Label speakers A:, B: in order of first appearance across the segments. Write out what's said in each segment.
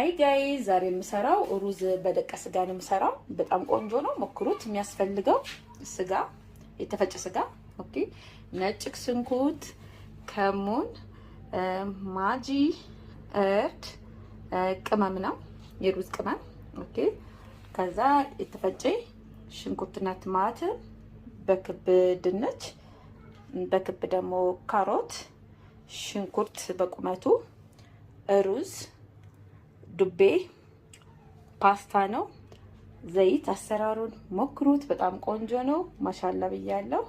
A: አይ ጋይ ዛሬ የምሰራው ሩዝ በደቀ ስጋ ነው የምሰራው። በጣም ቆንጆ ነው፣ ሞክሩት። የሚያስፈልገው ስጋ፣ የተፈጨ ስጋ፣ ኦኬ፣ ነጭ ሽንኩርት፣ ከሙን፣ ማጂ፣ እርድ፣ ቅመም ነው የሩዝ ቅመም፣ ኦኬ። ከዛ የተፈጨ ሽንኩርትና ቲማቲም፣ በክብ ድንች፣ በክብ ደግሞ ካሮት፣ ሽንኩርት በቁመቱ ሩዝ ዱቤ ፓስታ ነው። ዘይት አሰራሩን ሞክሩት። በጣም ቆንጆ ነው። ማሻላ ብያለሁ።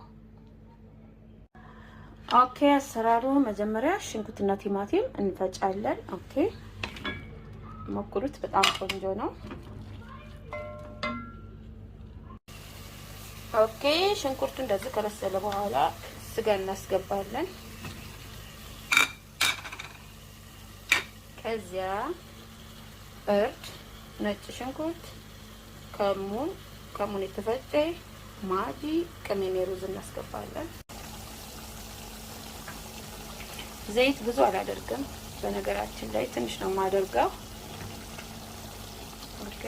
A: ኦኬ አሰራሩ መጀመሪያ ሽንኩርትና ቲማቲም እንፈጫለን። ኦኬ ሞክሩት። በጣም ቆንጆ ነው። ኦኬ ሽንኩርቱ እንደዚህ ከበሰለ በኋላ ስጋ እናስገባለን። ከዚያ እርድ፣ ነጭ ሽንኩርት፣ ከሙን ከሙን የተፈጨ ማጂ፣ ቅመሜ፣ ሩዝ እናስገባለን። ዘይት ብዙ አላደርግም። በነገራችን ላይ ትንሽ ነው የማደርገው። ኦኬ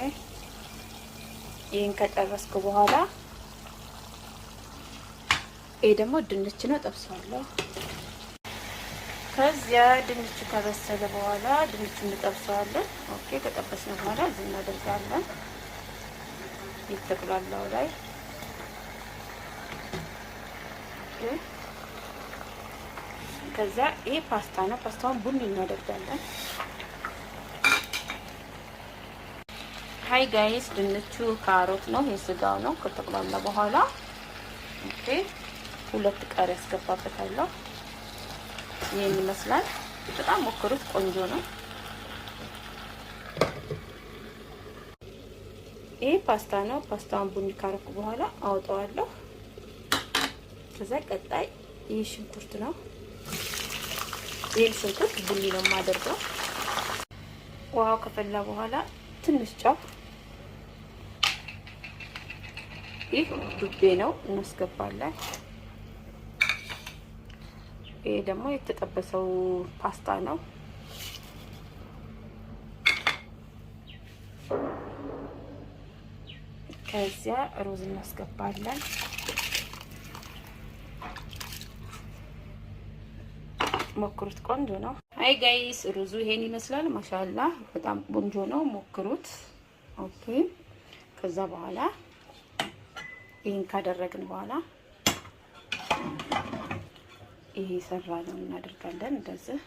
A: ይህን ከጨረስኩ በኋላ ይሄ ደግሞ ድንች ነው፣ ጠብሷለሁ። ከዚያ ድንቹ ከበሰለ በኋላ ድንቹ እንጠብሰዋለን። ኦኬ ከጠበስነው በኋላ እዚህ እናደርጋለን። ይጠቅላላው ላይ ከዛ ይህ ፓስታ ነው። ፓስታውን ቡኒ እናደርጋለን። ሀይ ጋይስ ድንቹ ካሮት ነው፣ የስጋው ነው። ከጠቅላላ በኋላ ኦኬ ሁለት ቃሪያ አስገባበታለሁ። ይሄን ይመስላል። በጣም ሞክሩት፣ ቆንጆ ነው። ይሄ ፓስታ ነው። ፓስታውን ቡኒ ካረኩ በኋላ አውጣዋለሁ። ከዛ ቀጣይ ይህ ሽንኩርት ነው። ይህን ሽንኩርት ቡኒ ነው የማደርገው። ውሃው ከፈላ በኋላ ትንሽ ጨው፣ ይህ ዱቤ ነው እናስገባለን። ይሄ ደግሞ የተጠበሰው ፓስታ ነው። ከዚያ ሩዝ እናስገባለን። ሞክሩት፣ ቆንጆ ነው። አይ ጋይስ ሩዙ ይሄን ይመስላል። ማሻላ በጣም ቆንጆ ነው። ሞክሩት። ኦኬ። ከዛ በኋላ ይህን ካደረግን በኋላ ይሄ ሰራ ነው እናደርጋለን እንደዚህ